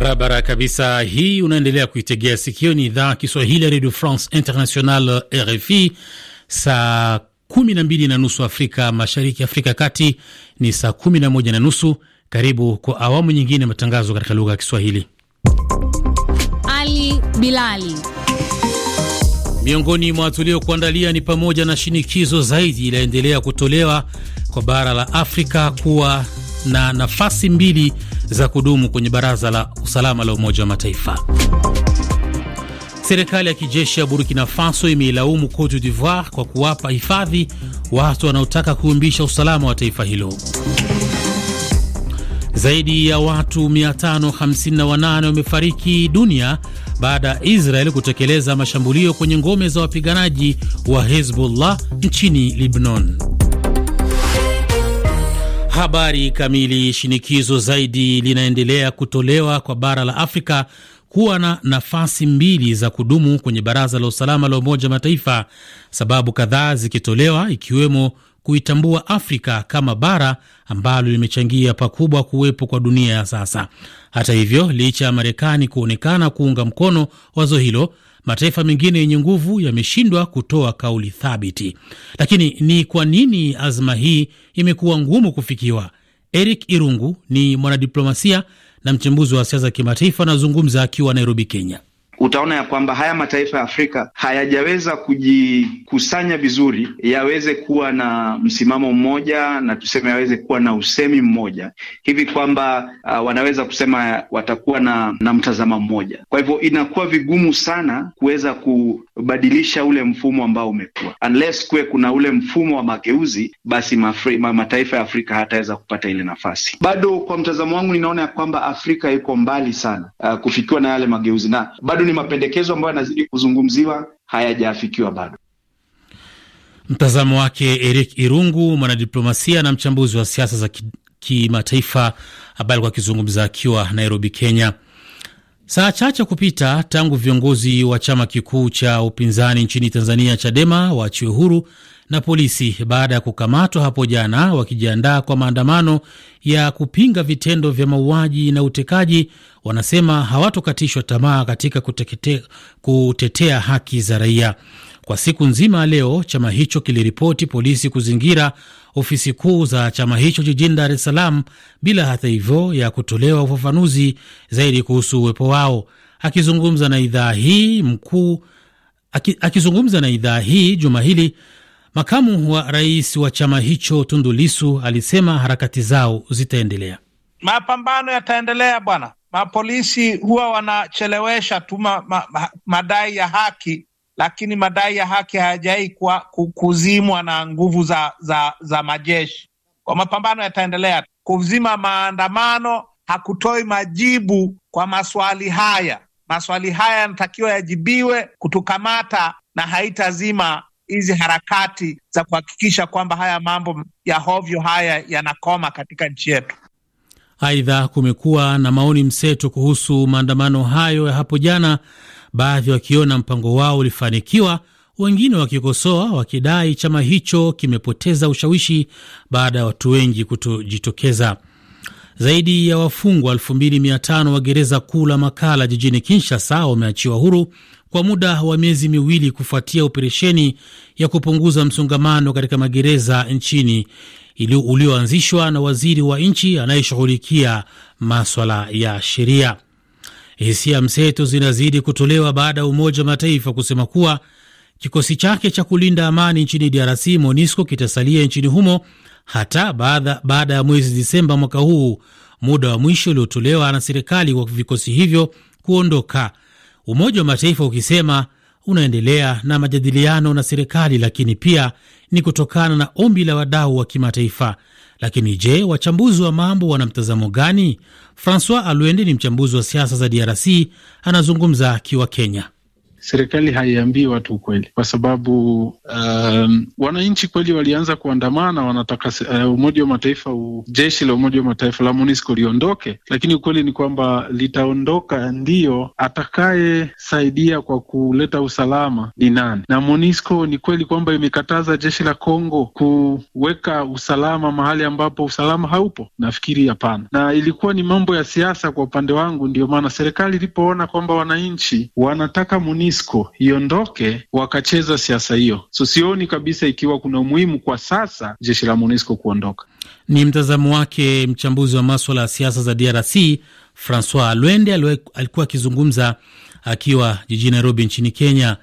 Barabara kabisa, hii unaendelea kuitegea sikio, ni idhaa Kiswahili ya Radio France International, RFI. Saa kumi na mbili na nusu Afrika Mashariki, Afrika Kati ni saa kumi na moja na nusu. Karibu kwa awamu nyingine matangazo katika lugha ya Kiswahili. Ali Bilali. Miongoni mwa tuliokuandalia ni pamoja na shinikizo zaidi inaendelea kutolewa kwa bara la Afrika kuwa na nafasi mbili za kudumu kwenye baraza la usalama la Umoja wa Mataifa. Serikali ya kijeshi ya Burkina Faso imeilaumu Cote d'Ivoire kwa kuwapa hifadhi watu wanaotaka kuumbisha usalama wa taifa hilo. Zaidi ya watu 558 wamefariki dunia baada ya Israel kutekeleza mashambulio kwenye ngome za wapiganaji wa Hezbollah nchini Lebanon. Habari kamili. Shinikizo zaidi linaendelea kutolewa kwa bara la Afrika kuwa na nafasi mbili za kudumu kwenye Baraza la Usalama la Umoja wa Mataifa, sababu kadhaa zikitolewa ikiwemo kuitambua Afrika kama bara ambalo limechangia pakubwa kuwepo kwa dunia ya sasa. Hata hivyo, licha ya Marekani kuonekana kuunga mkono wazo hilo, mataifa mengine yenye nguvu yameshindwa kutoa kauli thabiti. Lakini ni kwa nini azma hii imekuwa ngumu kufikiwa? Eric Irungu ni mwanadiplomasia na mchambuzi wa siasa za kimataifa, anazungumza akiwa Nairobi, Kenya utaona ya kwamba haya mataifa ya Afrika hayajaweza kujikusanya vizuri yaweze kuwa na msimamo mmoja na tuseme yaweze kuwa na usemi mmoja hivi kwamba uh, wanaweza kusema watakuwa na, na mtazamo mmoja. Kwa hivyo inakuwa vigumu sana kuweza kubadilisha ule mfumo ambao umekuwa, unless kuwe kuna ule mfumo wa mageuzi, basi mafri, ma, mataifa ya Afrika hataweza kupata ile nafasi. Bado kwa mtazamo wangu ninaona ya kwamba Afrika iko mbali sana uh, kufikiwa na yale mageuzi na bado ni mapendekezo ambayo yanazidi kuzungumziwa, hayajafikiwa bado. Mtazamo wake Eric Irungu, mwanadiplomasia na mchambuzi wa siasa za kimataifa ki ambaye alikuwa akizungumza akiwa Nairobi, Kenya. Saa chache kupita tangu viongozi wa chama kikuu cha upinzani nchini Tanzania, Chadema, waachiwe huru na polisi baada ya kukamatwa hapo jana wakijiandaa kwa maandamano ya kupinga vitendo vya mauaji na utekaji, wanasema hawatokatishwa tamaa katika kutekete, kutetea haki za raia. Kwa siku nzima leo, chama hicho kiliripoti polisi kuzingira ofisi kuu za chama hicho jijini Dar es Salaam, bila hata hivyo ya kutolewa ufafanuzi zaidi kuhusu uwepo wao. Akizungumza na idhaa hii mkuu akizungumza na idhaa hii juma hili, makamu wa rais wa chama hicho Tundu Lisu alisema harakati zao zitaendelea. Mapambano yataendelea bwana. Mapolisi huwa wanachelewesha tu ma, ma, ma, madai ya haki lakini madai ya haki hayajawai kuzimwa na nguvu za, za, za majeshi. Kwa mapambano yataendelea. Kuzima maandamano hakutoi majibu kwa maswali haya. Maswali haya yanatakiwa yajibiwe kutukamata, na haitazima hizi harakati za kuhakikisha kwamba haya mambo ya hovyo haya yanakoma katika nchi yetu. Aidha, kumekuwa na maoni mseto kuhusu maandamano hayo ya hapo jana baadhi wakiona mpango wao ulifanikiwa, wengine wakikosoa wakidai chama hicho kimepoteza ushawishi baada ya watu wengi kutojitokeza. Zaidi ya wafungwa 2500 wa gereza kuu la Makala jijini Kinshasa wameachiwa huru kwa muda wa miezi miwili kufuatia operesheni ya kupunguza msongamano katika magereza nchini ulioanzishwa na waziri wa nchi anayeshughulikia maswala ya sheria. Hisia mseto zinazidi kutolewa baada ya Umoja wa Mataifa kusema kuwa kikosi chake cha kulinda amani nchini DRC MONUSCO kitasalia nchini humo hata baada ya mwezi Disemba mwaka huu, muda wa mwisho uliotolewa na serikali kwa vikosi hivyo kuondoka, Umoja wa Mataifa ukisema unaendelea na majadiliano na serikali, lakini pia ni kutokana na ombi la wadau wa kimataifa. Lakini je, wachambuzi wa mambo wana mtazamo gani? Francois Alwende ni mchambuzi wa siasa za DRC, anazungumza akiwa Kenya serikali haiambii watu ukweli, kwa sababu um, wananchi kweli walianza kuandamana, wanataka uh, Umoja wa Mataifa, jeshi la Umoja wa Mataifa la MONUSCO liondoke, lakini ukweli ni kwamba litaondoka, ndiyo atakayesaidia kwa kuleta usalama ni nani? Na MONUSCO ni kweli kwamba imekataza jeshi la Kongo kuweka usalama mahali ambapo usalama haupo? Nafikiri hapana, na ilikuwa ni mambo ya siasa kwa upande wangu, ndio maana serikali ilipoona kwamba wananchi wanataka MONUSCO Isco iondoke wakacheza siasa hiyo. So sioni kabisa ikiwa kuna umuhimu kwa sasa jeshi la MONUSCO kuondoka. Ni mtazamo wake mchambuzi wa maswala ya siasa za DRC Francois Lwende, alikuwa akizungumza akiwa jijini Nairobi nchini Kenya.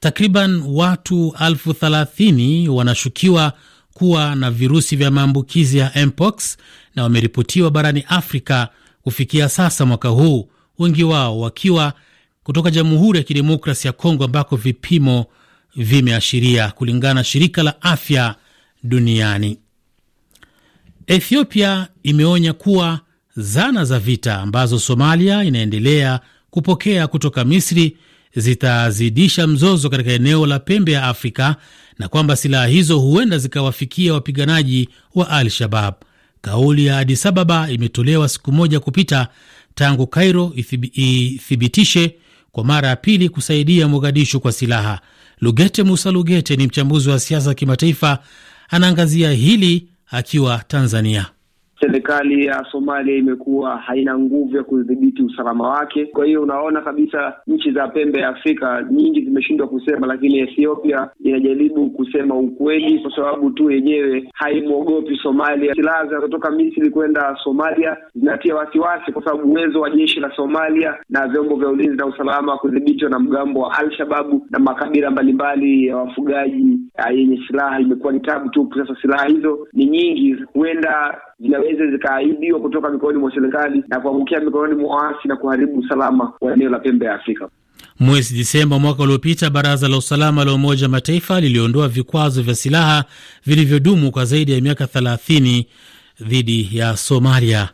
Takriban watu elfu thelathini wanashukiwa kuwa na virusi vya maambukizi ya mpox na wameripotiwa barani Afrika kufikia sasa mwaka huu, wengi wao wakiwa kutoka Jamhuri ya Kidemokrasi ya Kongo ambako vipimo vimeashiria, kulingana na shirika la afya duniani. Ethiopia imeonya kuwa zana za vita ambazo Somalia inaendelea kupokea kutoka Misri zitazidisha mzozo katika eneo la pembe ya Afrika na kwamba silaha hizo huenda zikawafikia wapiganaji wa Al-Shabab. Kauli ya adis Ababa imetolewa siku moja kupita tangu Cairo ithibitishe kwa mara ya pili kusaidia Mogadishu kwa silaha. Lugete Musa Lugete ni mchambuzi wa siasa za kimataifa, anaangazia hili akiwa Tanzania serikali ya Somalia imekuwa haina nguvu ya kudhibiti usalama wake. Kwa hiyo unaona kabisa nchi za pembe ya Afrika nyingi zimeshindwa kusema, lakini Ethiopia inajaribu kusema ukweli kwa sababu tu yenyewe haimwogopi Somalia. Silaha zinazotoka Misri kwenda Somalia zinatia wasiwasi kwa sababu uwezo wa jeshi la Somalia na vyombo vya ulinzi na usalama kudhibitiwa na mgambo wa Alshababu na makabila mbalimbali ya wafugaji ah, yenye silaha imekuwa ni tabu tu. Sasa silaha hizo ni nyingi, huenda zinaweza zikaaibiwa kutoka mikononi mwa serikali na kuangukia mikononi mwa waasi na kuharibu usalama wa eneo la pembe ya Afrika. Mwezi Disemba mwaka uliopita, baraza la usalama la Umoja Mataifa liliondoa vikwazo vya silaha vilivyodumu kwa zaidi ya miaka 30 dhidi ya Somalia.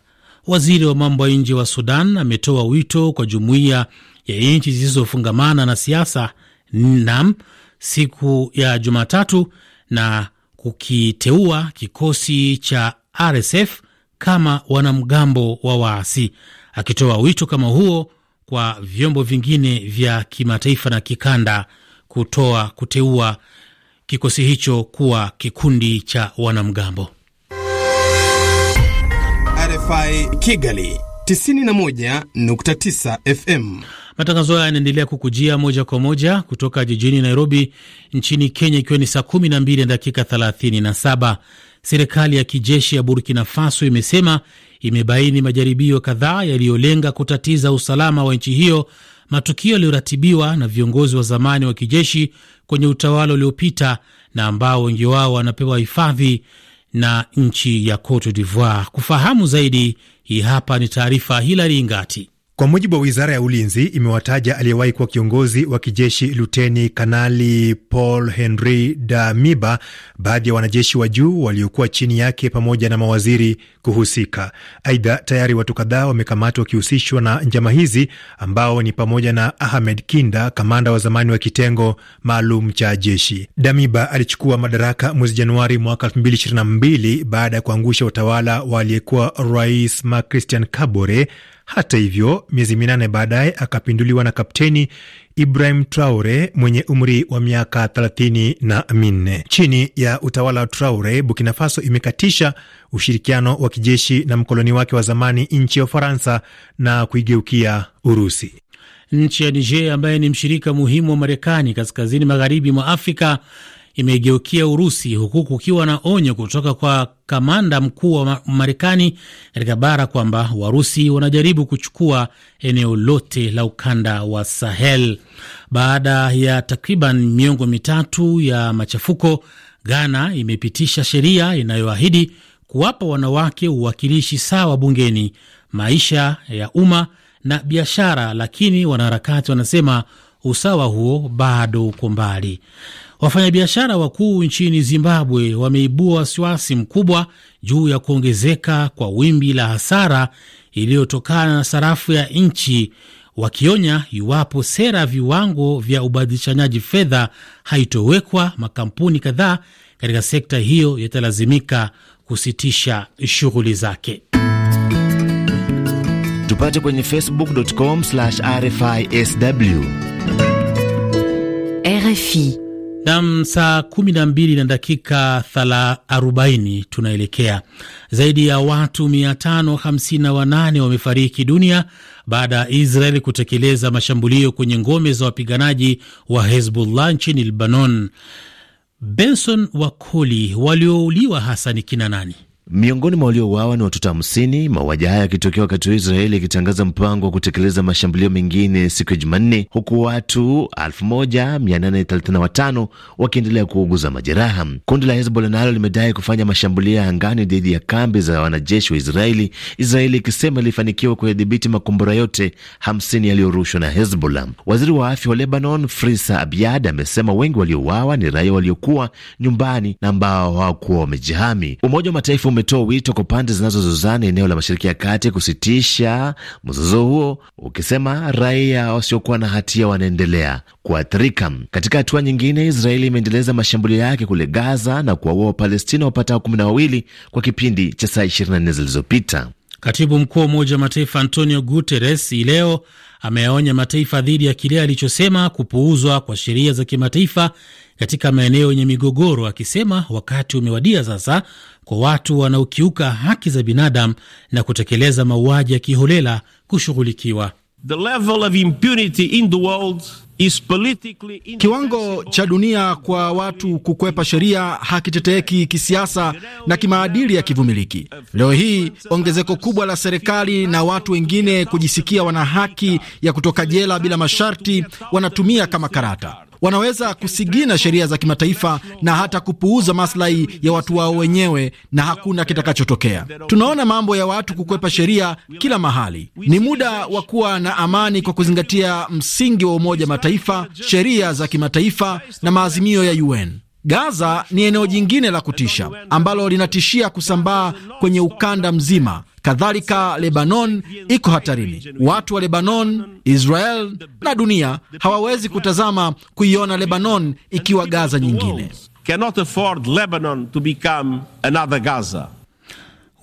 Waziri wa mambo ya nje wa Sudan ametoa wito kwa jumuiya ya nchi zisizofungamana na siasa NAM siku ya Jumatatu na kukiteua kikosi cha RSF kama wanamgambo wa waasi, akitoa wito kama huo kwa vyombo vingine vya kimataifa na kikanda kutoa kuteua kikosi hicho kuwa kikundi cha wanamgambo. RFI Kigali 91.9 FM. Matangazo haya yanaendelea kukujia moja kwa moja kutoka jijini Nairobi nchini Kenya, ikiwa ni saa kumi na dakika saba. Serikali ya kijeshi ya Burkina Faso imesema imebaini majaribio kadhaa yaliyolenga kutatiza usalama wa nchi hiyo, matukio yaliyoratibiwa na viongozi wa zamani wa kijeshi kwenye utawala uliopita na ambao wengi wao wanapewa hifadhi na nchi ya Cote d'Ivoire. Kufahamu zaidi, hii hapa ni taarifa Hilari Ngati. Kwa mujibu wa wizara ya ulinzi, imewataja aliyewahi kuwa kiongozi wa kijeshi luteni kanali Paul Henri Damiba, baadhi ya wanajeshi wa juu waliokuwa chini yake pamoja na mawaziri kuhusika. Aidha, tayari watu kadhaa wamekamatwa wakihusishwa na njama hizi ambao ni pamoja na Ahmed Kinda, kamanda wa zamani wa kitengo maalum cha jeshi. Damiba alichukua madaraka mwezi Januari mwaka 2022 baada ya kuangusha utawala wa aliyekuwa rais Marc Christian Kabore hata hivyo, miezi minane baadaye akapinduliwa na kapteni Ibrahim Traore mwenye umri wa miaka thelathini na minne. Chini ya utawala wa Traore, Burkina Faso imekatisha ushirikiano wa kijeshi na mkoloni wake wa zamani nchi ya Ufaransa na kuigeukia Urusi. Nchi ya Niger ambaye ni mshirika muhimu wa Marekani kaskazini magharibi mwa Afrika imegeukia Urusi, huku kukiwa na onyo kutoka kwa kamanda mkuu wa Marekani katika bara kwamba Warusi wanajaribu kuchukua eneo lote la ukanda wa Sahel. Baada ya takriban miongo mitatu ya machafuko, Ghana imepitisha sheria inayoahidi kuwapa wanawake uwakilishi sawa bungeni, maisha ya umma na biashara, lakini wanaharakati wanasema usawa huo bado uko mbali. Wafanyabiashara wakuu nchini Zimbabwe wameibua wasiwasi mkubwa juu ya kuongezeka kwa wimbi la hasara iliyotokana na sarafu ya nchi, wakionya iwapo sera viwango vya ubadilishanyaji fedha haitowekwa, makampuni kadhaa katika sekta hiyo yatalazimika kusitisha shughuli zake. Tupate kwenye facebook.com/rfisw RFI Nam, saa kumi na mbili na dakika arobaini tunaelekea. Zaidi ya watu wanane wamefariki dunia baada ya Israel kutekeleza mashambulio kwenye ngome za wapiganaji wa Hezbollah nchini Lebanon. Benson Wakoli, waliouliwa hasa ni kina nani? Miongoni mwa waliouawa ni watoto hamsini. Mauaji haya yakitokea wakati huu Israeli ikitangaza mpango wa kutekeleza mashambulio mengine siku ya Jumanne, huku watu 1835 wakiendelea kuuguza majeraha. Kundi la Hezbollah nalo limedai kufanya mashambulio ya angani dhidi ya kambi za wanajeshi wa Israeli, Israeli ikisema ilifanikiwa kuyadhibiti makombora yote 50 yaliyorushwa na Hezbollah. Waziri wa afya wa Lebanon Frisa Abiad amesema wengi waliouawa ni raia waliokuwa nyumbani na ambao hawakuwa wamejihami. Umoja wa Mataifa umetoa wito kwa pande zinazozozana eneo la Mashariki ya Kati kusitisha mzozo huo, ukisema raia wasiokuwa na hatia wanaendelea kuathirika. Katika hatua nyingine, Israeli imeendeleza mashambulio yake kule Gaza na kuwaua Wapalestina wapatao kumi na wawili kwa kipindi cha saa 24 zilizopita. Katibu mkuu wa Umoja wa Mataifa Antonio Guterres hii leo ameyaonya mataifa dhidi ya kile alichosema kupuuzwa kwa sheria za kimataifa katika maeneo yenye migogoro, akisema wakati umewadia sasa kwa watu wanaokiuka haki za binadamu na kutekeleza mauaji ya kiholela kushughulikiwa. Kiwango cha dunia kwa watu kukwepa sheria hakiteteeki kisiasa na kimaadili ya kivumiliki. Leo hii ongezeko kubwa la serikali na watu wengine kujisikia wana haki ya kutoka jela bila masharti wanatumia kama karata wanaweza kusigina sheria za kimataifa na hata kupuuza maslahi ya watu wao wenyewe, na hakuna kitakachotokea. Tunaona mambo ya watu kukwepa sheria kila mahali. Ni muda wa kuwa na amani kwa kuzingatia msingi wa Umoja Mataifa, sheria za kimataifa na maazimio ya UN. Gaza ni eneo jingine la kutisha ambalo linatishia kusambaa kwenye ukanda mzima Kadhalika, Lebanon iko hatarini. Watu wa Lebanon, Israel na dunia hawawezi kutazama kuiona Lebanon ikiwa Gaza nyingine.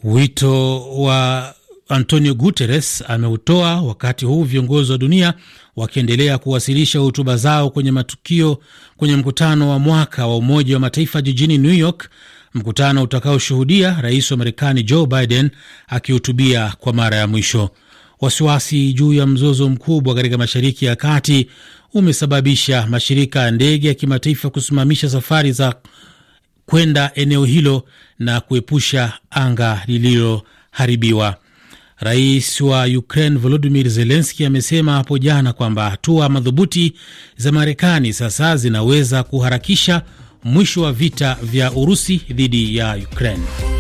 Wito wa Antonio Guterres ameutoa wakati huu viongozi wa dunia wakiendelea kuwasilisha hotuba zao kwenye matukio kwenye mkutano wa mwaka wa Umoja wa Mataifa jijini New York mkutano utakaoshuhudia rais wa Marekani Joe Biden akihutubia kwa mara ya mwisho. Wasiwasi juu ya mzozo mkubwa katika Mashariki ya Kati umesababisha mashirika ya ndege ya kimataifa kusimamisha safari za kwenda eneo hilo na kuepusha anga lililoharibiwa. Rais wa Ukraine Volodimir Zelenski amesema hapo jana kwamba hatua madhubuti za Marekani sasa zinaweza kuharakisha mwisho wa vita vya Urusi dhidi ya Ukraine.